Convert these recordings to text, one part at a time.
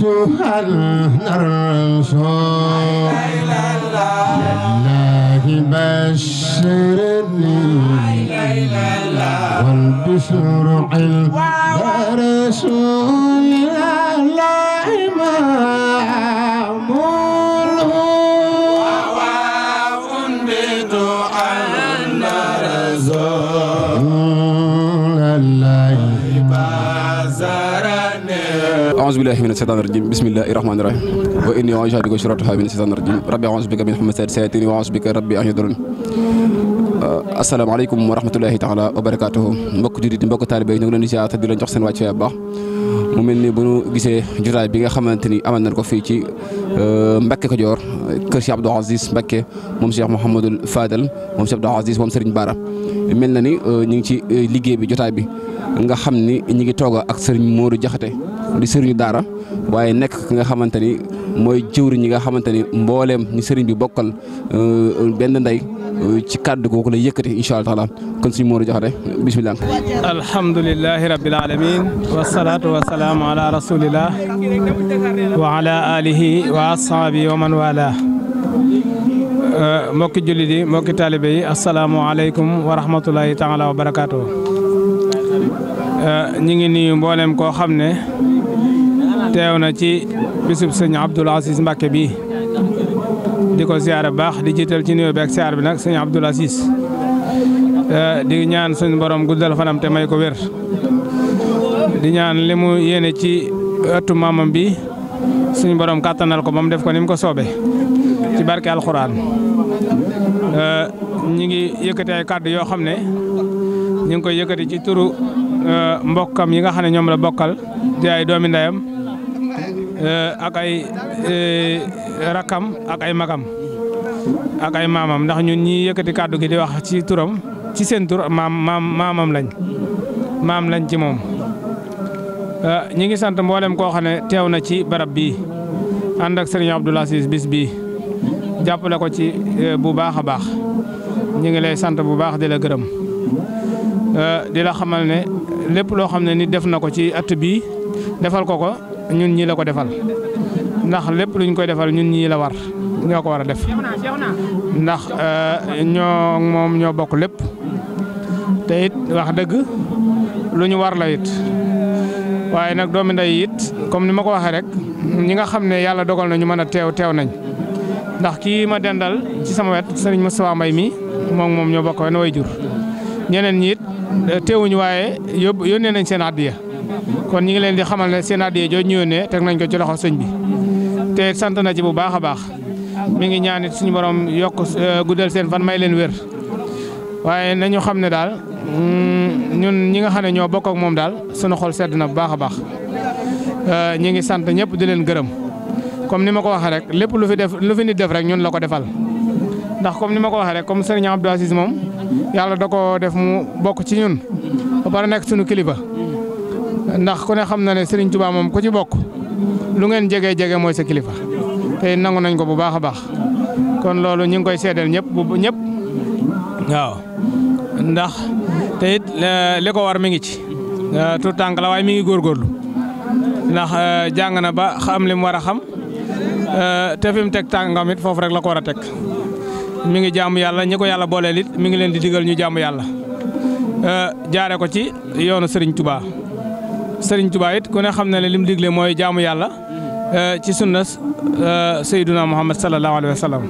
أيتها النرس لله بشرني والبشر البرسول أعوذ بالله من الشيطان الرجيم بسم الله الرحمن الرحيم وإني أعوذ بك شرطها من الشيطان الرجيم ربي أعوذ بك من حمد سيئتين وأعوذ بك ربي أن يدرون asalaamaaleykum wa rahmatulahi taala wa barakaatuhu mbokk jurit mbokk taalibe yi ñu ngi leen di ziar te di leen jox seen wàcc bu baax mu mel ni bu ñu gisee jotaay bi nga xamante ni amal nañ ko fii ci euh, Mbacke Kajoor kër Cheikh Abdou Aziz Mbacke moom Cheikh Mouhamadul Fadal moom Cheikh Abdou Aziz moom Serigne Bara mel na ni euh, ñu ngi ci euh, liggéey bi jotaay bi nga xam ni ñu ngi toog ak Serigne Modou Diakhaté di sëriñu daara waaye nekk ki nga xamante ni mooy jëwriñ ñi nga xamante ni mbooleem ñu sëriñ bi bokkal euh, benn ndey euh, ci kàddu googu la yëkkati incha allah taala kon suñu Modou Diakhaté bisimilah. alhamdulilahi rabil alamin wasalaatu wasalaam ala rasulillah wa ala alihi wa ashabi wa man wala euh, mbokki jullit mbokki taalibe yi asalaamualeykum wa rahmatulahi wa barakaatu. ñi ngi nuyu mboolem koo xam ne. teew na ci bisub sëñ Abdoul Aziz Mbacke bi di ko ziar bu baax di jiital ci nuyoo bi ak ziar bi nag sëñ Abdoul Aziz eh, di ñaan suñu borom guddal fanam te may ko wér di ñaan limu mu ci ëttu maamam bi suñu borom kattanal ko ba mu def ko ni ko soobee ci barke alxuraan eh, ñi ngi yëkkati ay kàddu yoo xam ne ñu ngi koy yëkkati ci turu eh, mbokkam yi nga xam ne ñoom la bokkal di ay doomi ndeyam Euh, ak ay euh, rakam ak ay magam ak maamam ndax ñu ñi yëkkati kàddu gi di wax ci turam ci seen tur maam maam maamam lañ maam lañ ci moom. Euh, ñi ngi sant mboolem koo xam ne teew na ci barab bii ànd ak sëriñ Abdoul Aziz bis bii jàppale ko ci bu baax a baax ñi ngi lay sant bu baax di la gërëm di la xamal ne lépp loo xam ne ni def na ko ci at bii defal ko ko. ñun ñii la ko defal ndax lépp luñ koy defal ñun ñii la war ñoo ko war a def ndax euh, ñoo moom ñoo bokk lépp te wax dëgg lu ñu war la waaye nag doomi ndey it comme ni ma ko waxee rek ñi nga xam ne yàlla dogal na ñu mën a teew teew nañ ndax kii ma dendal ci sama wet sëriñ sawaa Mbay mii moom moom ñoo bokk wenn way jur ñeneen ñi it teewuñu waaye yóbbu yónnee nañ seen àddiya kon ñi ngi leen di xamal ne seen addiya jooju ñu te teg nañ ko ci loxo sëñ bi te sant na ci bu baax a baax mu ngi ñaanit suñu boroom yokk euh, guddal seen fan may leen wér waaye nañu xam ne daal mm, ñun ñi nga xam ne ñoo bokk ak moom daal sunu xol sedd na bu baax a baax euh, ñi ngi sant ñëpp di leen gërëm comme ni ma ko waxee rek lépp lu fi def lu fi nit def rek ñun la ko defal ndax comme ni ma ko waxee rek comme sëriñ Abdou Aziz moom yàlla da ko def mu bokk ci ñun ba pare ndax ku ne xam na ne sëriñ Touba moom ku ci bokk lu ngeen jege jege mooy sa kilifa te nangu nañ ko bu baax a baax kon loolu ñu ngi koy seedeel ñëpp bu ñëpp waaw ndax te it li ko war mi ngi ci euh, tu tànk la waaye mi ngi góor góorlu ndax euh, jàng na ba xam li mu war a xam euh, te fi mu teg tànkam it foofu rek la ko war a teg mi ngi jaamu yàlla ñi ko yàlla booleel mi ngi leen di digal ñu jaamu yàlla jaare ko ci yoonu sëriñ Touba. Serigne Touba it ku ne xam na ne lim digle mooy jaamu yàlla eh, ci sunna eh, Seydina Muhammad sallallahu alayhi wa sallam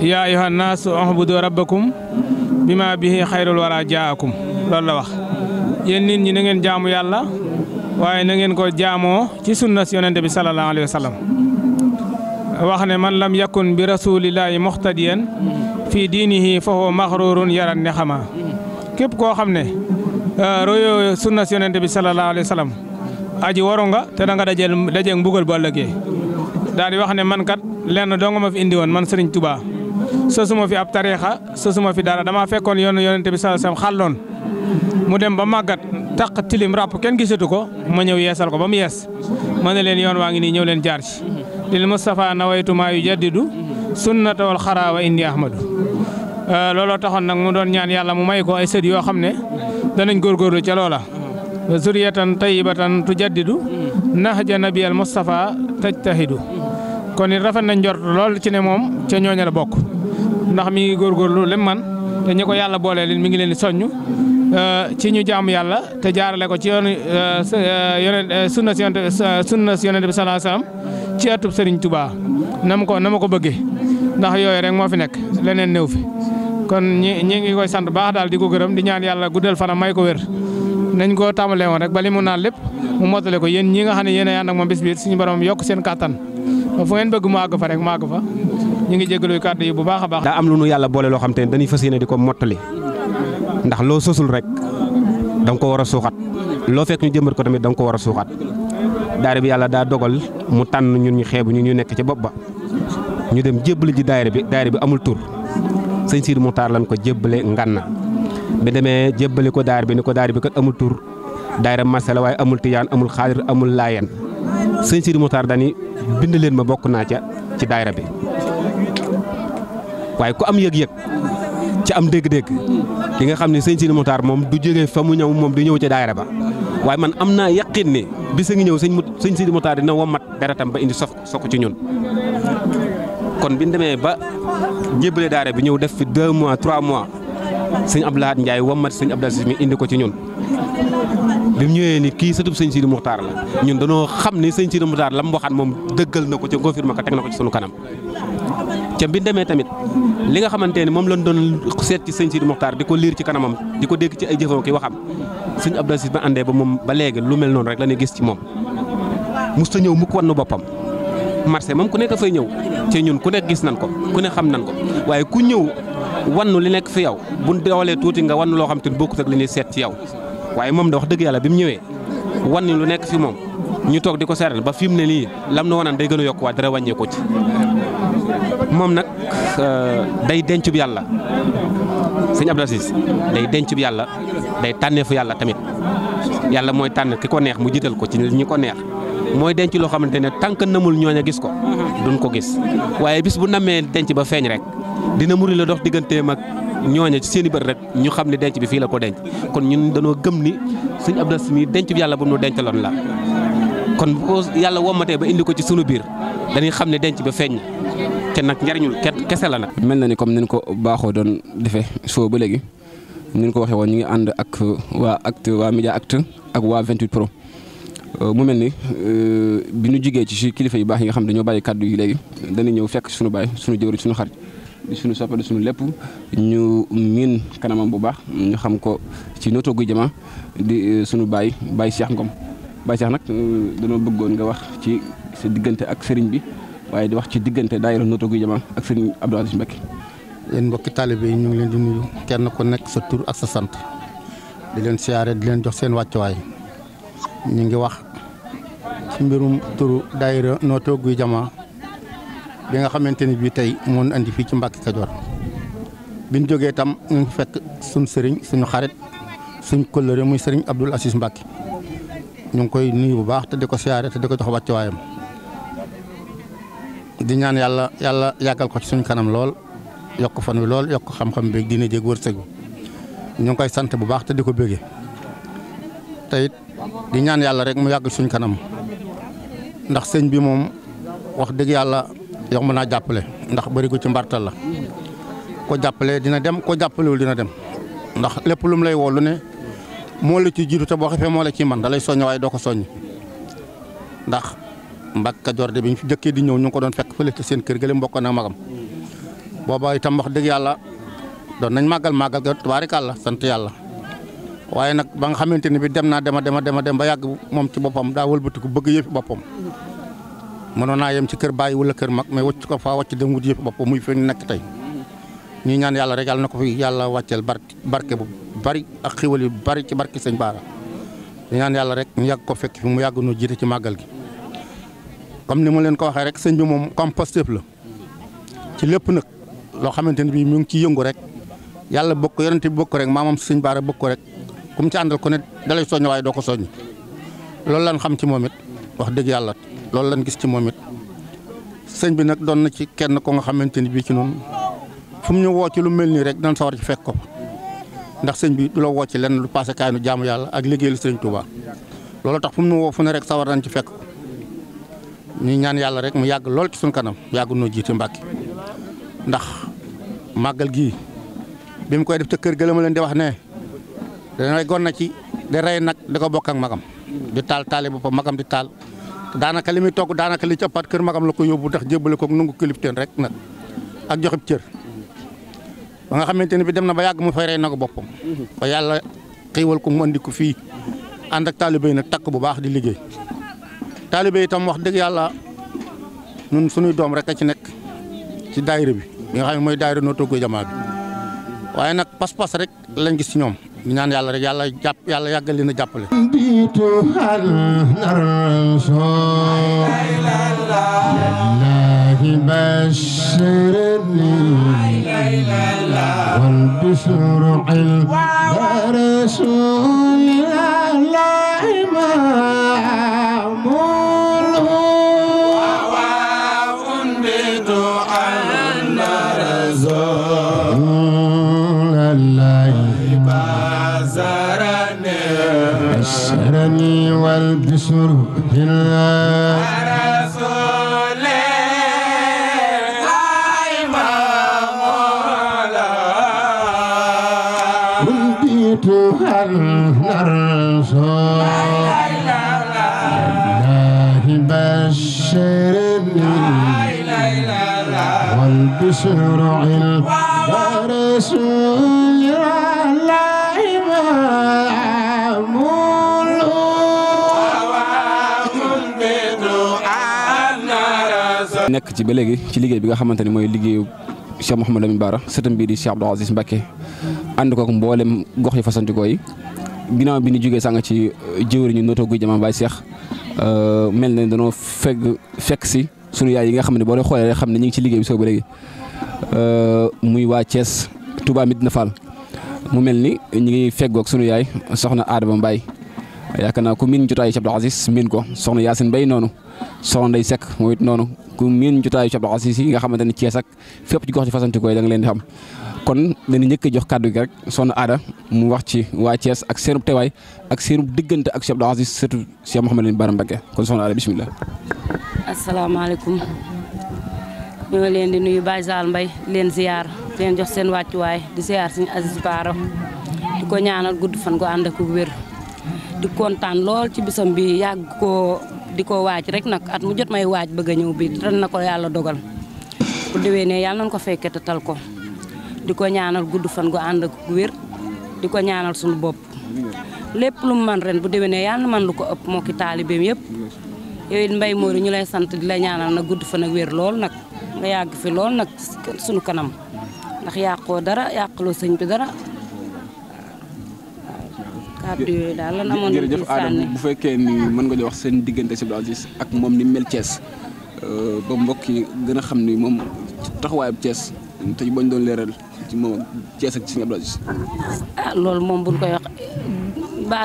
yaa ayyuhan naasu ubudu rabbakum bima bihi xayrul wara jaakum loolu la wax yéen nit ñi na ngeen jaamu yàlla waaye nangeen ko jaamoo ci sunna si yonente bi sallallahu alayhi wa sallam wax ne man lam yakun bi rasulillahi muxtadiyan fii diinihi fa huwa maxrurun yaran ne xamaa képp koo xam ne Euh, royo sunna si yonente bi sallallahu alayhi wa sallam aji waru nga te da nga dajeel dajeeg mbugal bu ëllëgee daal di wax ne man kat lenn dong ma fi indi woon man Serigne Touba sosuma fi ab tariixa sosuma fi dara damaa fekkoon yoonu yonente bi sallallahu alayhi mu dem ba màggat taq tilim ràpp kenn gisatu ko ma ñëw yeesal ko ba mu yees ma ne leen yoon waa ngi nii ñëw leen jaar ci lil Moustapha nawaytu maa yu jaddidu sunnata wal xaraa wa indi ahmadu euh, looloo danañ góorgóorlu ca loola tu zuriyatan tayyibatan tujaddidu nahja nabiyal Mustafa tajtahidu kon i rafet nañ njort lool ci ne moom ca ñooña la bokk ndax mi ngi góorlu lim man te ñi ko yàlla boole leen mi ngi leen di soññ euh, ci ñu jaamu yàlla te jaarale ko ci yoon euh, euh, yonent sunna si yonent sunna si bi sallallahu alayhi wasallam ci atub Serigne Touba na ma ko na ma ko bëggee ndax yooyu rek moo fi nekk leneen néew fi. kon ñi ñi ngi koy sant baax daal di ko gërëm di ñaan yàlla guddal fana may ko wér nañ ko tàmbalee woon rek ba li mu naan lépp mu mottale ko yéen ñi nga xam ne yéen a ànd ak moom bis biir suñu borom yokk seen kàttan fu ngeen bëgg mu àgg fa rek mu àgg fa ñu ngi jégaluy kàddu yi bu baax a baax. daa am lu nu yàlla boole loo xam te ne dañuy fas yéene di ko mottali ndax loo sosul rek da nga ko war a suuxat loo fekk ñu jëmbat ko tamit da nga ko war a suuxat daayira bi yàlla daa dogal mu tànn ñun ñu xeebu ñu ñu nekk ca bopp ba ñu dem jébbali ji daayira bi daayira bi amul tur sëñ Sidi Muxtaar lañ ko jébbale Ngànna bi demee jébbale ko daayira bi ni ko daayira bi kat amul tur daayira masala waaye amul tiyaan amul xaadir amul laayeen sëñ Sidi Muxtaar dani bind leen ma bokk naa ca ci daayira bi waaye ku am yëg-yëg ci am dégg-dégg di nga xam ne sëñ Sidi Muxtaar moom du jógee fa mu ñëw moom di ñëw ca daayira ba waaye man am naa yaqin ne bi a ngi ñëw sëñ mu sëñ Sidi Muxtaar dina wommat tam ba indi sof sokk ci ñun kon bi ñu demee ba jébbale daara bi ñëw def fi 2 mois 3 mois sëñ Abdou Lahad Ndiaye wommat sëñ Abdou Aziz mi indi ko ci ñun bi mu ñëwee ni kii sëtub sëñ Sidi Muxtaar la ñun danoo xam ne sëñ Sidi Muxtaar la mu waxaat moom dëggal na ko ci confirmé teg na ko ci sunu kanam ca bi demee tamit li nga xamante ne moom lañ doon seet ci sëñ Sidi Mokhtar di ko liir ci kanamam di ko dégg ci ay jëfam ki waxam sëñ Abdou Aziz ba àndee ba moom ba léegi lu mel noonu rek la ñuy gis ci moom. mosut a ñëw mu ko boppam marché moom ku nekk fay ñëw ci ñun ku nekk gis nan ko ku ne xam nan ko waaye ku ñëw wannu li nekk fi yow bu doolee tuuti nga wannu loo xam te ne bokkut ak li ñuy seet ci yow waaye moom da wax dëgg yàlla bi mu ñëwee wannu lu nekk fi moom ñu toog di ko seeral ba fi mu ne nii lam na wanan day gën a yokkuwaat dara wàññeeku ci moom nag euh, day denc bi yàlla sëñ Abdou Aziz denc bi yàlla day tànnee fu yàlla tamit yàlla mooy tànn ki ko neex mu jiital ko ci ñi ko neex mooy denc loo xamante ne tànk namul ñooña gis ko du duñ ko gis waaye bis bu namee denc ba feeñ rek dina muri la dox digganteem ak ñooña ci seen i rek ñu xam ne denc bi fii la ko denc kon ñun dañoo gëm ni sëñ Abdou Aziz denc bi yàlla bu nu dencaloon la kon bu ko yàlla wommatee ba indi ko ci sunu biir dañuy xam ne denc ba feeñ na te nag njariñul kese la nag. mel na ni comme ni ñu ko baaxoo doon defee soo ba léegi ni nu ko waxee woon ñu ngi ànd ak waa acte waa média acte ak waa 28 pro euh, mu mel ni euh, bi ñu jigee ci kilifa yu baax yi nga xam ne dañoo bàyyi kàddu yi léegi dañuy ñëw fekk suñu baay suñu jëwriñ suñu xarit. di suñu soppe di suñu lépp ñu miin kanamam bu baax ñu xam ko ci noto gu jama di euh, suñu baay baay Cheikh Ngom baay Cheikh nag dañoo bëggoon nga wax ci sa diggante ak sëriñ bi. waaye di wax ci diggante daayira Notto Gouye Diama ak sëriñ Abdou Aziz Mbacké yéen mbokki taalibe ñu ngi leen di nuyu kenn ko nekk sa tur ak sa sant di leen siyaare di leen jox seen wàccuwaay ñu ngi wax ci mbirum turu daayira Notto Gouye Diama bi nga xamante ni bii tey moon andi fii ci Mbàkke Kajoor biñ jógee tam ñu ngi fekk suñ sëriñ suñu xarit suñ kóllëre muy sëriñ Abdou Aziz Mbacké ñu ngi koy nuyu bu baax te di ko siyaare te di ko jox wàccuwaayam di ñaan yàlla yàlla yàggal ko ci suñ kanam lool yokk fan wi lool yokk xam-xam bi dina jéeg wërsëg bi ñu ngi koy sante bu baax te di ko bége te di ñaan yàlla rek mu yàgg suñ kanam ndax sëñ bi moom wax dëgg yàlla mu naa jàppale ndax bëri ko ci mbartal la ko jàppale dina dem ko jàppalewul dina dem ndax lépp lu lay woo lu ne moo la ci jiitu te boo xefee moo la ciy man da lay soññ waaye doo ko soññ ndax Mbàkke Kajoor de bi ñu fi jëkkee di ñëw ñu ngi ko doon fekk fële ci seen kër gële mbokk na magam booba itam wax dëgg yàlla doon nañ màggal màggal ga tubaarikàlla sant yàlla waaye nag ba nga xamante ni bi dem naa dema dema dema dem ba yàgg moom ci boppam daa wëlbatiku bëgg yëfi boppam mënoon naa yem ci kër bàyyi wala kër mag mais wacc ko faa wacc dem wut yëfi muy fi nekk tey ñuy ñaan yàlla rek yàlla na ko fi yàlla wàcceel barke bu bari ak xiwal yu bari ci barke sëñ Baara ñu yàlla rek ñu yàgg ko fekk fi mu yàgg noo jiite ci màggal gi comme ni ma leen ko waxee rek sëñ bi moom composteur la ci lépp nag loo xamante ni bii mu ngi ciy yëngu rek yàlla bokk yonent bi bokk rek maamam sëñ Baara bokk rek ku mu ci àndal ko ne dalay soññ waaye doo ko soññ loolu lan xam ci moomit wax dëgg yàlla loolu lan gis ci moom sëñ bi nag doon na ci kenn ko nga xamante ni bii ci noonu fu mu ñu woo ci lu mel nii rek dinañ sawar ci fekk ko ndax sëñ bi du la woo ci lenn lu paase kaay nu jaamu yàlla ak liggéeyal sëñ Touba loolu tax rek sawar nañ ci fekk ñu ñaan yàlla rek mu yàgg lool ci suñ kanam yàgg noo jiite Mbàkke ndax màggal gii bi mu koy def ca kër ga la ma leen di wax ne danay gon na ci di rey nag di ko bokk ak magam di taal taale boppam magam di taal daanaka li muy togg daanaka li ci ëppaat kër magam la ko yóbbu ndax jébbale ko nungu kilifteen rek nag ak joxib cër ba nga xamante ne bi dem na ba yàgg mu fay rey nagu boppam ba yàlla xiiwal ko mu andi ko fii ànd ak taalibe nag takk bu baax di liggéey taalibe tam wax dëgg yàlla ñun sunuy doom rek a ci nekk ci daayira bi bi nga xam ne mooy daayira noo toggo jamaa bi waaye nag pas-pas rek lañ gis ci ñoom di ñaan yàlla rek yàlla jàpp yàlla yàggal leen a jàppale بشرع الرسول الله بسرور الله هل نرسل الله بشرني والبشر nekk ci ba léegi ci liggéey bi nga xamante ne mooy liggéeyu Cheikh Mouhamadou Lamine Bara sëtam bii di Cheikh Abdou Aziz Mbacke ànd kook mboolem gox yi fasantikoo yi bi ñu jógee sànq ci euh, jëwriñu noto guy jaman Baye Cheikh euh, mel na danoo fegg fekk si sunu yi nga xam ne boo dee xoolee xam ne ñu ngi ci liggéey bi soo ba euh, muy waa Thiès Touba Medina Fall mu mel ni ñu ngi feggoog sunu yaay soxna Adama Mbaye yaakaar naa ku miin jotaay Cheikh Abdou Aziz ko soxna Yacine Mbaye noonu soxna Ndeye Seck moom noonu ku miin jotaayu Cheikh Abdou Aziz yi nga xamante ne Thiès ak fépp ci gox ci fasantikoo yi da nga leen di xam kon dañu njëkk jox kàddu gi rek soxna Aada mu wax ci waa Thiès ak seenub teewaay ak ak di nuyu Baye Sall Mbaye leen ziar leen jox seen wàccuwaay di ziar suñu Aziz Bara di ko ñaanal gudd fan ko ànd ak wér. di kontaan lool ci bisam bi yàgg koo di ko waaj rek nag at mu jot may waaj bëgg a ñëw bi ren na ko yàlla dogal bu ne yàlla nañ ko fekke te tal ko di ko ñaanal gudd fan gu ànd ak wér di ko ñaanal suñu bopp lépp lu mu ren bu déwénee yàlla na ko ëpp moo taalibeem yëpp yow it Mbaye Mori ñu lay sant di la ñaanal nag gudd fan ak wér lool nag nga yàgg fi lool nag suñu kanam ndax yàqoo dara yàqaloo sëñ bi dara kàddu yooyu daal lan amoon nañu jërëjëf Adama bu fekkee ni mën nga wax seen diggante si Abdou Aziz ak moom ni mel Thiès euh, ba mbokk yi gën a xam ni moom taxawaayu Thiès te bañ doon leeral ci moom Thiès ak si Abdou Aziz. ah loolu moom buñ koy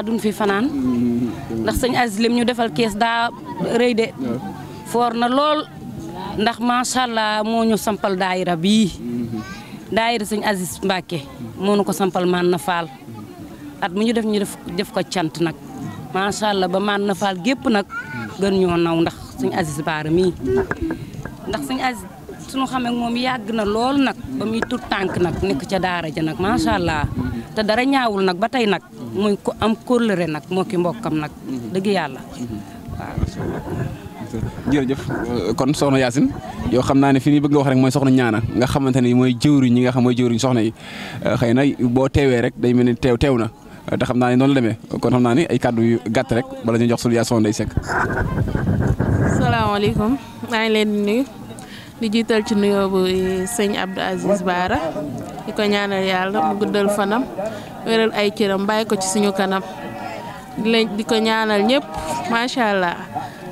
duñ fi fanaan. Mm-hmm. ndax sëñ Aziz lim ñu defal kees daa rëy de. foor na lool ndax macha allah moo ñu sampal daayira bii. Mm-hmm. daayira sëñ Aziz Mbacke moo ñu ko sampal man na faal. at mu ñu def ñu def ko cant nag macha allah ba maan na faal gépp nag gën ñoo naw ndax suñu Aziz Baara mii ndax suñu Aziz suñu xamee moom yàgg na lool nag ba muy tur tànk nag nekk ca daara ja nag macha allah te dara ñaawul nag ba tey nag muy ko am kóllëre nag moo mbokkam nag dëgg yàlla waaw jërëjëf kon soxna Yacine yoo xam naa ne fi ñu bëgg nga mooy soxna ñaana nga xamante ne mooy jëwriñ ñi nga xam mooy jëwriñ soxna yi xëy na boo teewee rek day mel ni teew teew na te xam naa ne noonu la demee kon xam naa ne ay kàddu yu gàtt rek bala ñu jox suñu yaay Soxna Ndeye Seck. salaamaaleykum maa ngi leen di jiital ci nuyoo bu sëñ Abdou Aziz Baara di ko ñaanal yàlla mu guddal fanam wéral ay cëram bàyyi ko ci suñu kanam di di ko ñaanal ñëpp macha allah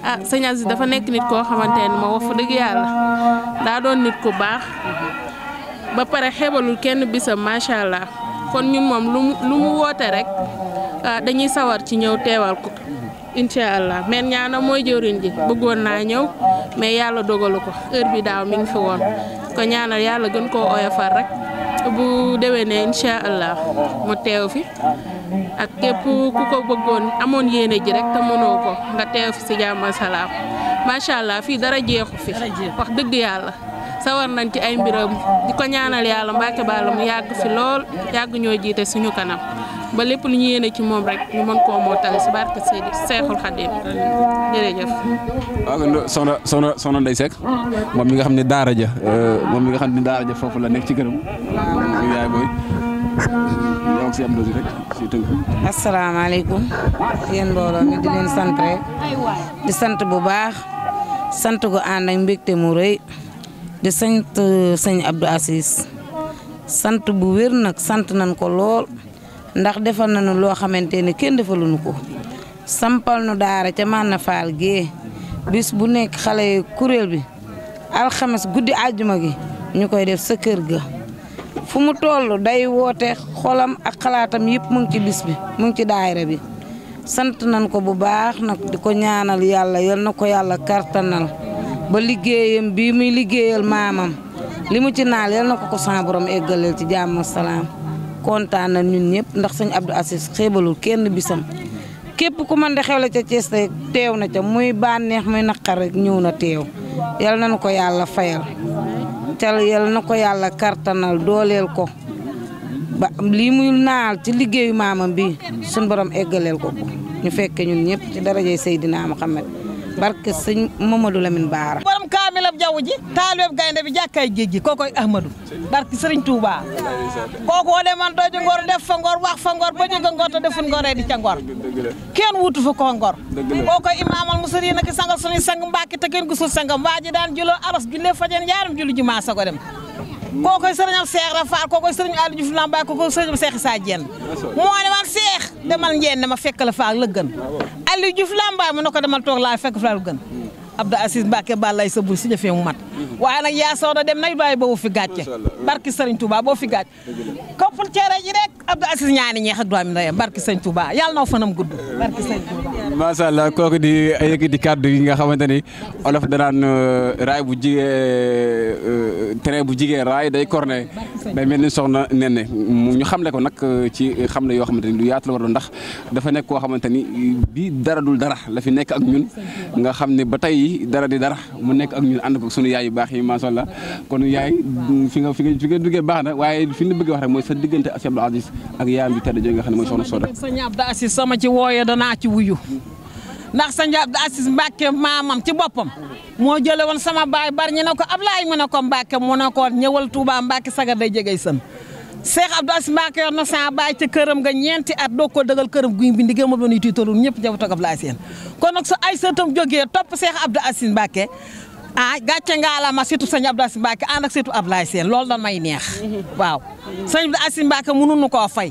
ah sëñ Aziz dafa nekk nit koo xamante ne moo wax fa dëgg yàlla daa doon nit ku baax ba pare xebalul kenn bisam macha allah. kon ñun moom lu mu lu mu woote rek ah, dañuy sawar ci ñëw teewal ko incha allah meen ñaana mooy jëwriñ ji bëggoon naa ñëw mais yàlla dogalu ko heure bi daaw mi ngi fi woon ko ñaanal yàlla gën koo far rek bu déwénee incha allah mu teew fi ak képp ku ko bëggoon amoon yéene ji rek te mënoo ko nga teew fi si jàmm salaam macha allah fii dara jeexu fi wax dëgg yàlla. sawar nañ ci ay mbiram di ko ñaanal yàlla Mbàkke Balla mu yàgg si lool yàgg ñoo jiite suñu kanam ba lépp lu ñu yéene ci moom rek mën koo mootale si barke Seydi Seexul Xadiim jërëjëf. waaw soxna soxna moom mi nga xam ne daara ja euh, moom mi nga xam ne daara ja foofu la nekk ci këram. waaw yaay booy. asalaamaaleykum yéen mbooloo mi sant rek di sant bu baax sant gu ànd ak mbégte mu rëy. di sant euh, sëñ Abdou Aziz sant bu wér nag sant nañ ko lool ndax defal nañu loo xamante ne kenn defaluñu ko sampal nu daara ca man na faal bis bu nekk xale kuréel bi alxames guddi àjjuma gi ñu koy def sa kër ga fu mu tollu day woote xolam ak xalaatam yëpp mu ngi ci bis bi mu ngi ci daayira bi sant nañ ko bu baax nag di ko ñaanal yàlla yal na ko yàlla kartanal ba liggéeyam bi muy liggéeyal maamam li mu ci naal yal na ko ko sama borom eggaleel ci jàmm salaam kontaan na ñun ñëpp ndax sëñ Abdou Aziz xeebalul kenn bisam képp ku man di xewle ca Thiès teew na ca muy bànneex muy naqar rek ñëw na teew yal nañu ko yàlla fayal cal yal na ko yàlla kartanal dooleel ko ba lii muy naal ci liggéeyu maamam bi suñ borom eggaleel ko ñu fekke ñun ñëpp ci darajay Seydina Muhammad barke sëñ Mamadou Lamine Baara. borom kaamilab jaww ji taalibeeb gaynde bi jàkkaay géej gi kookoy Ahmadou barke sëriñ Touba kooku woo deman dooju ngor def fa ngor wax fa ngor ba jóg a ngor te deful ngoree di ca ngor kenn wutu fa koo ngor kookoy imaamal musal yi nag sangal suñuy sang mbaaki te kenn gisul sangam waa ji daan juloo aras jullee fajen yaaram julli jumaa sa ko dem kookoy sëriñam Cheikh Rafaal kookoy sëriñ Aliou Diouf Lambaye kookoy sëriñam Cheikh Issa Diène moo ne man Cheikh demal njeen dama fekk la faak la gën Aliou Diouf Lambaye mu ne ko demal toog laa fekk fa la gën Abdou Aziz Mbacke balay sa buy si jëfee mu mat waaye nag yaa sooda dem nay bàyyi boobu fi gàcce barki Serigne Touba boo fi gàcce koppul ceere ji rek Abdou Aziz ñaani ñeex ak doomi ndeyam barki Serigne Touba yàlla na fanam gudd barki Serigne Touba macha allah kooku di yëkkati kàddu yi nga xamante ni olof danaan euh, raay bu jigee euh, train bu jigee raay day corne day mel ni soxna nenne ñu xamle ko nag euh, ci xam ne yoo xamante ni lu yaatu la war ndax dafa nekk koo xamante ni bi dara dul dara la nekk ak ñun nga xam ne ba tey bi dara di dara mu nekk ak ñun ànd ko sunu yaay yu baax yi macha allah kon yaay fi nga fi nga duggee baax na waaye fi ñu bëgg wax rek mooy sa diggante ak Abdou Aziz ak yaayam bi tedd jooju nga xam ne mooy soxna Soda. sëñ Abdou Aziz sama ci wooyee danaa ci wuyu ndax sëñ Abdou Aziz Mbacke maamam ci boppam moo jëlee woon sama baay bari ñu ne ko Ablaye mu ne ko Mbacke ko ñëwal Touba Mbacke sagar day jegey sën. Cheikh Abdou Aziz Mbacké yor na sa baay ca këram nga ñeenti at doog ko dëgal këram guñ bi ndigée moom la ñuy tiitaloon ñëpp jaw toog Ablaye Sène kon nag su ay sëtam joge topp Cheikh Abdou Aziz mbaake ah gàcce nga la ma surtout sëñ Abdou Aziz Mbacké ànd ak surtout Ablaye Sène loolu dañ may neex waaw sëñ Abdou Aziz Mbacké mënuñu koo fay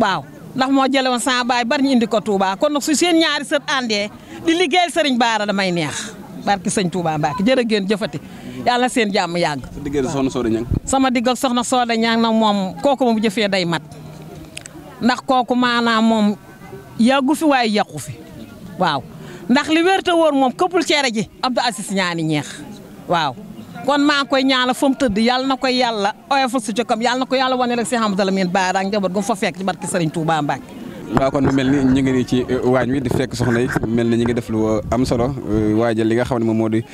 waaw ndax moo jële woon sa baay bari ñu indi ko Touba kon nag su seen ñaari sët àndee di liggéey sëriñ Baara may neex barki sëñ Touba Mbacke jërë ngeen jëfati yàlla seen jàmm yàgg. sa diggante soxna Soda Niang. sama digg ak soxna Soda Niang nag moom kooku moom jëfee day mat ndax kooku maanaam moom yàggu fi waaye yàqu fi waaw ndax li wér te wóor moom këppul cere ji Abdou Aziz ñaani ñeex waaw. kon maa ngi koy ñaanal fa mu tëdd yàlla na koy yàlla oyofal su jokkam ko yàlla wane rek si Hamdal Amiin Baara ak njaboot gu mu fa fekk ci barki waaw kon mu mel ni ñu ngi nii ci euh, wi di fekk soxna mel ni ñu ngi def lu euh, am solo euh, waajal li nga xam ne moom moo di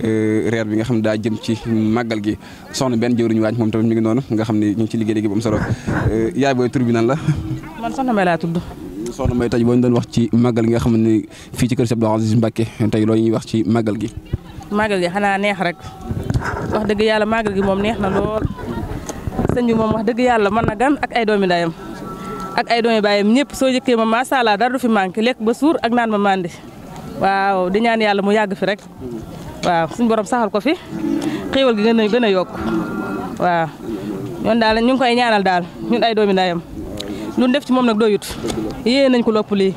reer bi nga xam ne daa jëm ci màggal gi soxna benn jëwriñu waañ moom tamit mi ngi noonu nga xam ne ñu ngi ci liggéey liggéey bu am bi nan la. man soxna May laa tudd. soxna May tey boo ñu doon wax ci màggal gi nga xam ne fii ci kër Cheikh Abdou Aziz Mbacké tey loo ñuy wax ci màggal gi. màggal gi xanaa neex rek wax dëgg yàlla màggal gi moom neex na lool sëñ bi moom wax dëgg yàlla man na gan ak ay doomi ndayam ak ay doomi baayam ñëpp soo jëkkee ma macha allah dara du fi manqué lekk ba suur ak naan ma mandi waaw di ñaan yàlla mu yàgg fi rek waaw suñu borom saxal ko fi xéewal gi gën a gën a yokk waaw ñun daal ñu ngi koy ñaanal daal ñun ay doomi ndayam ñun def ci moom nag doyut yéen nañ ko lopp lii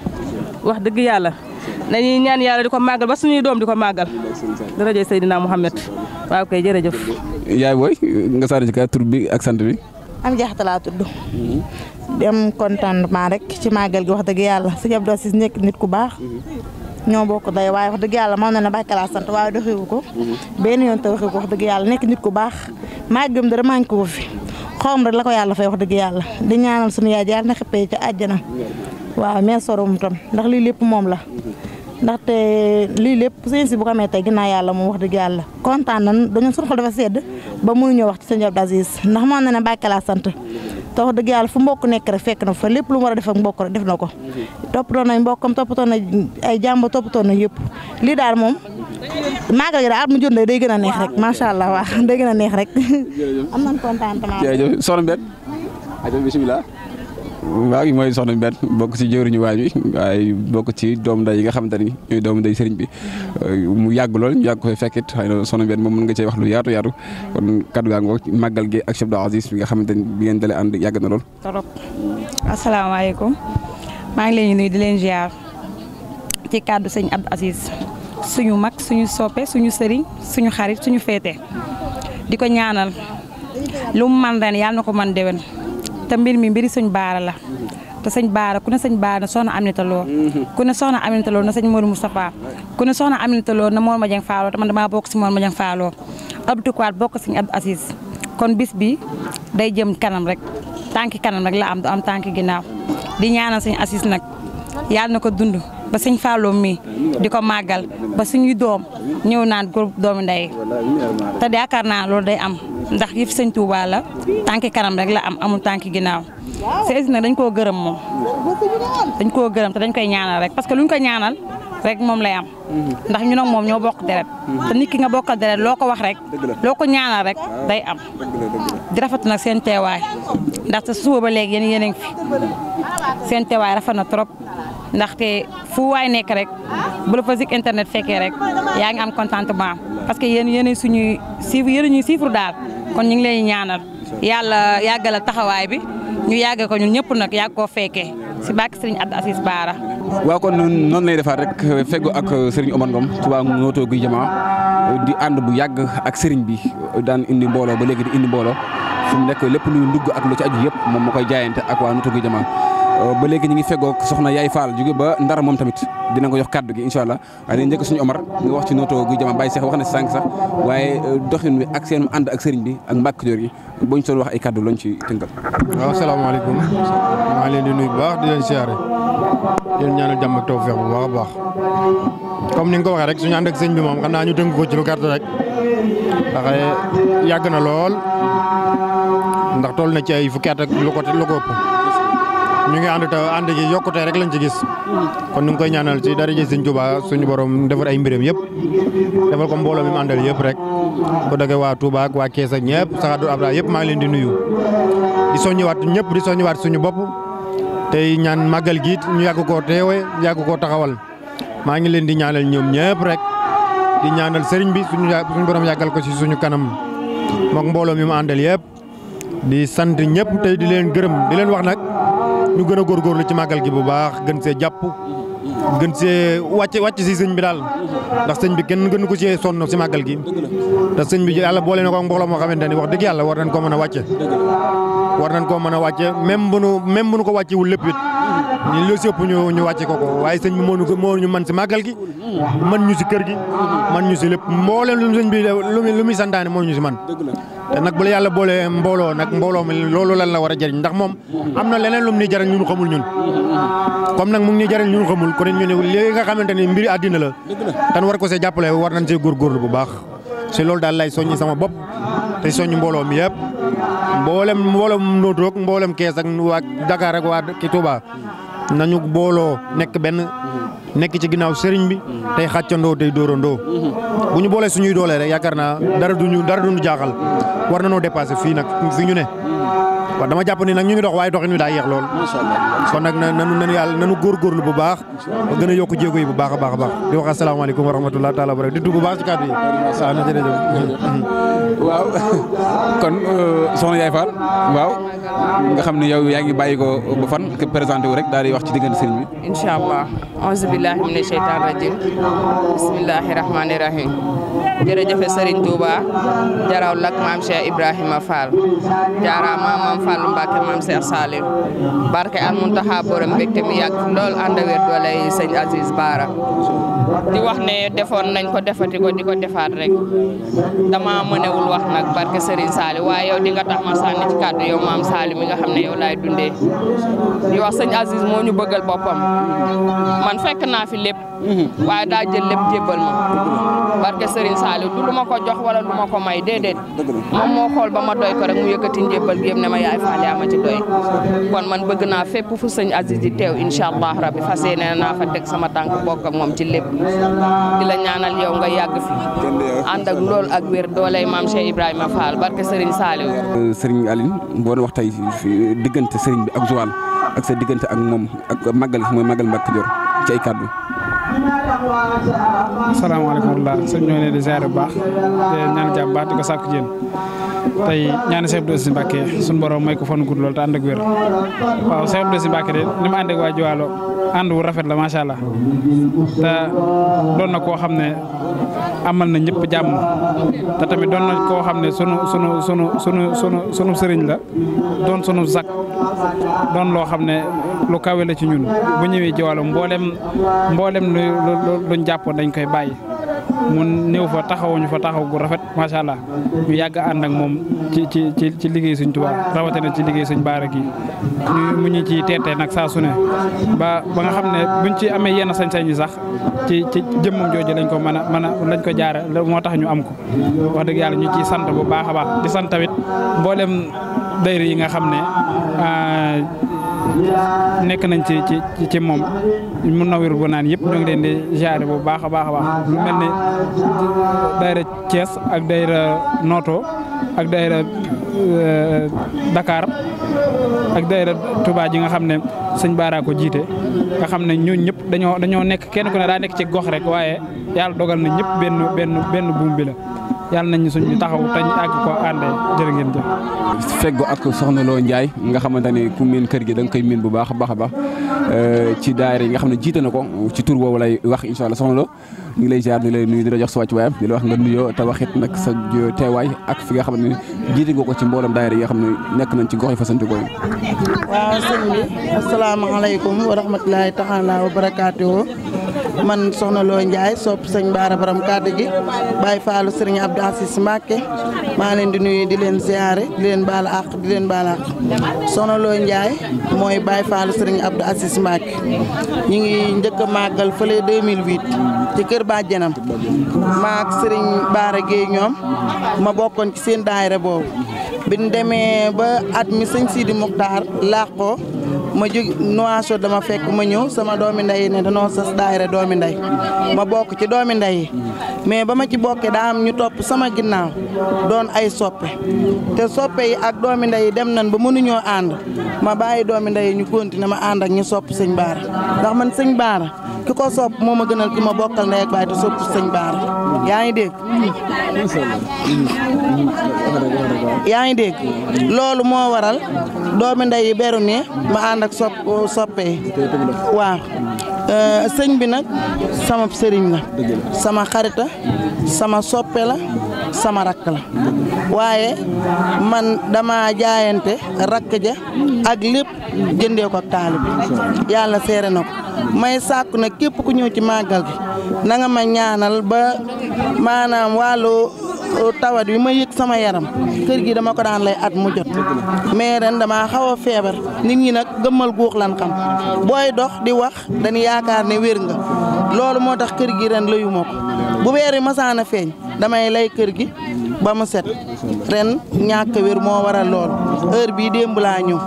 wax dëgg yàlla dañuy ñaan yàlla di ko màggal ba suñuy doom di ko màggal daraja Seydina Muhammad waaw kay jërëjëf yaay booy nga saari ci ka bi ak sant bi am jaxata laa tudd. dem contentement rek ci màggal gi wax dëgg yàlla sëñ Abdou Aziz nekk nit ku baax. ñoo ko day waaye wax dëgg yàlla moom na ne bàkk laa sant waaye doxiwu ko. benn yoon te doxiwu wax dëgg yàlla nekk nit ku baax. màggam dara maa ngi ko fi xawma rek la ko yàlla fay wax dëgg yàlla di ñaanal sunu yaay yàlla na xëppee ca àjjana. waaw mais sorum tam ndax lii lépp moom la. ndaxte lii lépp sëñ boo bu ko amee tey ginnaaw yàlla moom wax dëgg yàlla kontaan nañ dañu suñu xol dafa sedd ba mënuñoo wax ci sëñ Abdou Aziz ndax man na ne Mbàkke laa sant te wax dëgg yàlla fu mbokk nekk rek fekk na fa lépp lu mu war a def mbokk rek def na ko toppatoo nañ mbokkam toppatoo na ay jàmba toppatoo nañ yëpp lii daal moom maagal gi daal at mu jot day gën a neex rek macha allah waaw day gën a neex rek am nañ kontaan tamit. jërëjëf soxna Mbène. waaw mooy soxna benn bokk ci jëwriñu waañ wi waaye bokk ci doom nday yi nga xamante ni ñooy doomu nday sëriñ bi mm-hmm. mu yàgg lool ñu yàgg ko fay fekkit xëy na soxna benn moom mën nga cee wax lu yaatu yaatu mm-hmm. kon kaddu gaa ngoog màggal gi ak chef de Aziz bi nga xamante ni bi ngeen dalee yàgg na lool torop asalaamaaleykum maa ngi di leen ziar ci kaddu sëñ Abdou Aziz suñu mag suñu soppe suñu sëriñ suñu xarit suñu féete di ko ñaanal lu mu man ren yàlla na ko man déwén te mbir mi mbiri sëñ baara la te sëñ baara ku ne sëñ baara na soxna Aminata Lo ku ne soxna Aminata Lo na sëñ Modou Moustapha ku ne soxna Aminata Lo na Mor Madiang Falloo te man damaa bokk si Mor Madiang Falloo abdutikuwaat bokk sëñ Abdou Aziz kon bis bi day jëm kanam rek tànki kanam rek la am du am tànki ginnaaw di ñaanal sëñ Aziz nag yàlla na ko dund ba sëñ Fallou mi di ko màggal ba suñuy doom ñëw naan groupe doomu ndey te yaakaar naa loolu day am ndax yëf sëñ Touba la tànki kanam rek la am amul tànki ginnaaw César na dañ koo gërëm moom dañ koo gërëm te dañ koy ñaanal rek parce que luñ ko ñaanal rek moom lay am ndax ñu nag moom ñoo bokk deret te nit ki nga bokkal deret loo ko wax rek loo ko ñaanal rek day am di rafet na seen teewaay ndaxte suba ba léegi yéen a ngi fi seen teewaay rafet na trop ndaxte fu waay nekk rek bu la fa internet fekkee rek yaa ngi am contentement parce que yéen yéen suñuy suivre yéen ñuy suivre daal kon ñu ngi lay ñaanal yàlla yàggal a taxawaay bi ñu yàgg ko ñun ñëpp nag yàgg koo fekkee si bàkk sëriñ at Aziz Baara. waaw kon noonu lay defaat rek feggo ak sëriñ Omar Ngom Touba Ngoto Guy Jama di ànd bu yàgg ak sëriñ bi daan indi mbooloo ba léegi di indi mbooloo fu mu nekk lépp luy ndugg ak lu ci aju yëpp moom moo ko jaayante ak waa Ngoto Guy Euh, ba léegi ñu ngi feggoog soxna Yaay Fall jóge ba Ndar moom tamit dina ko jox kàddu gi incha allah waaye njëkk suñu Omar nga wax ci noto gu jama ay Cheikh wax na sànq sax waaye euh, doxin bi ak seen ànd ak sëriñ bi ak mbàkk joor gi buñ wax ay kàddu lañ ci tënkal. waaw salaamaaleykum maa leen di nuyu bu di leen siyaare di leen ñaanal ni nga ko waxee rek suñu ànd ak bi moom xam naa ñu tënk ko ci lu gàtt na lool ndax toll na ci ay fukki at ak lu ko ñu ngi ànd te ànd gi yokkute rek lañ ci gis kon ñu koy ñaanal ci dara ji Sëñ Touba suñu borom defar ay mbiram yëpp defal ko mbooloo mi mu àndal yëpp rek bu dëggee waa Touba waa Kees ak ñëpp saxaadu abda yëpp maa ngi leen di nuyu di soññiwaat ñëpp di soññiwaat suñu bopp tey ñaan màggal giit ñu yàgg koo teewe yàgg koo taxawal maa ngi leen di ñaanal ñoom ñëpp rek di ñaanal sëriñ bi suñu suñu borom yàggal ko si suñu kanam mook mbooloo mi mu àndal yëpp di sant ñëpp tey di leen gërëm di leen wax nag ñu gën a góorgóorlu ci màggal gi bu baax gën see jàpp gën see wàcc si sëñ bi daal ndax sëñ bi kenn gënu ko see sonn si màggal gi ndax sëñ bi yàlla boole na ko ak mbooloo moo xamante ni wax dëgg yàlla war nañ koo mën a wàcce war nañ koo mën a wàcce même bu nu même bu nu ko wàccewul lépp it ñu loo si ñu ñu wàcce ko ko waaye sëñ bi moo ñu moo ñu man si màggal gi man ñu si kër gi man ñu si lépp mbooleem lu sëñ bi lu muy santaane moo ñu si man nag bu la yàlla boolee mbooloo nag mbooloo mi loolu lan la war a jëriñ ndax moom am na leneen lum ni jëriñ ñun xamul ñun comme nag mu ngi ni jëriñ ñun xamul kon ñu ne li nga xamante ni mbiri àddina la tan war ko see jàppale war nañ see góorgóorlu bu baax si loolu daal lay soññi sama bopp te soññ mbooloo mi yëpp mboolem mboolem Notto ak mboolem Kees ak waa Dakar ak waa ki Touba nañu booloo nekk benn nekk ci ginnaaw sëriñ bi tey xàccandoo tey dóorandoo mhm. bu ñu boolee suñuy doolee rek yaakaar naa dara duñu dara duñu jaaxal war na noo dépassé fii nag fi ñu ne mhm. waaw dama jàpp ni nag ñu ngi dox waaye doxin wi daa yéex lool. kon nag nanu nanu yàlla nanu góorgóorlu bu baax. ba gën a yokk jéego yi bu baax a baax a baax di wax asalaamaaleykum wa rahmatulah taala wa di tuub bu baax ci kàddu yi. waaw na jërëjëf waaw kon euh, soxna Yaay Fall waaw nga xam ne yow yaa ngi bàyyi ko ba wu rek daal di wax ci diggante sëriñ bi. allah auzu billahi mina sheytaan rajim bismillahi maam maam Fallou Mbacke maam Cheikh Saliou barke al Muntaxa borom mbégte mi yàgg lool ànd wér dooley sëñ Aziz Baara di wax ne defoon nañ ko defati ko di ko defaat rek dama mënewul wax nag barke Serigne Saliou waaye yow di nga tax ma sànni ci kàddu yow maam Saliou mi nga xam ne yow laay dundee di wax sëñ Aziz moo ñu bëggal boppam man fekk naa fi lépp Mhm. waaye daa jël lépp jébbal ma barke Serigne Saliou du lu ma ko jox wala lu ma ko may déedéet moom moo xool ba ma doy ko rek mu yëkkati njébbal gi yëpp ne ma yaay Fall yaa ma ci doy kon man bëgg naa fépp fu sëñ Aziz di teew incha allah rabbi fas yéene fa teg sama tànk bokk ak moom ci lépp di la ñaanal yow nga yàgg fi ànd ak lool ak wér dooley maam Cheikh Ibrahima Fall barke Serigne Saliou euh, Serigne Aline boo doon wax tey diggante Serigne bi ak Joal ak sa diggante ak moom ak màggal mooy màggal Mbacke Kajoor ci ay asalaamaaleykum wa rahmatulah sëñ ñoo leen di ziar bu baax te ñaan jàmm baax di ko sàkku jéen tey ñaan Cheikh Abdou Aziz Mbacké suñu borom may ko fan gudd lool te ànd ak wér waaw Cheikh Abdou Aziz Mbacké de ni mu ànd ak waa wu rafet la macha allah te doon na koo xam ne amal na ñëpp jàmm te tamit doon na koo xam ne sunu sunu sunu sunu sunu sunu sëriñ la doon sunu zak doon loo xam ne lu kawe la ci ñun bu ñëwee jiwàllu mboolem mboolem lu luñ jàppoo dañ koy bàyyi mu néew fa taxawuñu fa taxaw bu rafet macha allah ñu yàgg ànd ak moom ci ci ci ci liggéey suñ Tuubaa rawatina ci liggéey suñu baara gi ñu mu ñu ci teetee nag saa su ne ba ba nga xam ne buñ ci amee yenn sañ-sañ yi sax ci ci jëmm jooju lañ ko mën a mën a lañ ko jaare moo tax ñu am ko wax dëgg yàlla ñu ciy sant bu baax a baax di sant tamit mboolem dayra yi nga xam ne ah, nekk nañ ci ci ci moom mu nawir bu naan yëpp ñoo ngi leen di jaare bu baax a baax a baax lu mel ne dayra Thiès ak dayra nooto ak dayra eh, Dakar ak dayra Touba ji nga xam ne sëñ baaraako jiite nga xam ne ñooñu ñëpp dañoo dañoo nekk kenn ku ne daa nekk ci gox rek waaye yàlla dogal na ñëpp benn benn benn buum bi la. yàlla nañu suñu taxaw te ñu àgg ko àndee jërë ngeen jëf. feggo ak soxna Lo Ndiaye nga xamante ku miin kër gi da nga koy miin bu baax a baax a baax euh, ci daayira yi nga xam ne jiite na ko ci tur boobu lay wax incha allah soxna Lo ñu ngi lay ziar di lay nuyu di la jox sa wàcc waayam di la wax nga nuyoo te waxit nag fi nga xam ne jiite nga ko ci mboolem daayira yi nga xam ne nekk nañ ci gox yi fasanti ko yi. waaw sëñ bi asalaamaaleykum wa rahmatulahi taala wa barakaatuhu man soxna Lo Ndiaye sopp sëñ Baara Baram kàddu gi bàyyi faalu sëriñ Abdou Assis Mbacke maa leen di nuyu di leen ziare di leen baal àq di leen baal àq soxna Lo Ndiaye mooy bàyyi faalu sëriñ Abdou Assis Mbacke ñu ngi njëkk a màggal fële 2008 ci kër Badianam maak sëriñ Baara Gueye ñoom ma bokkoon ci seen daayira boobu bi ñu ba at mi sëñ Sidi Mokhtar làqoo ma jóg noaso dama fekk ma ñëw sama doomi ndey ne danoo sas daayira doomi ndey ma bokk ci doomi ndey mais ba ma ci bokkee daa am ñu topp sama ginnaaw doon ay soppe te soppe yi ak doomi ndey dem nañ ba mënuñoo ànd ma bàyyi doomi ndey yi ñu continuer ma ànd ak ñu sopp sëñ baara ndax man sëñ baara ki ko sopp moo ma gënal ki ma bokkal ndey ak baay te sopp sëñ Baara yaa ngi dégg. yaa ngi dégg loolu moo waral doomi ndey yi beru ne ma ànd ak sopp soppe euh, sëñ bi nag sama sëriñ la sama xarita sama soppe la sama rakk la waaye man dama jaayante rakk ja ak lépp jëndee ko ak taalib yàlla seere na may sàkku na képp ku ñëw ci màggal gi nanga ma ñaanal ba maanaam wàllu uh, tawat bi ma yëg sama yaram kër gi dama ko daan lay at mu mais ren dama xaw a feebar nit ñi nag gëmmal guux lan xam booy dox di wax dañu yaakaar ne wér nga loolu moo tax kër gi ren layu ma ko bu weer yi masaana feeñ damay lay kër gi ba mu set ren ñàkk wér moo waral lool heure bii démb laa ñëw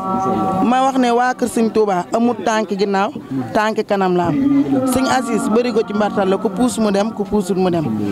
ma wax ne waa kër sëñ Touba amul tànk ginnaaw tànk kanam laam am sëñ Asis bëri ko ci mbartal la ku puus mu dem ku puusul mu dem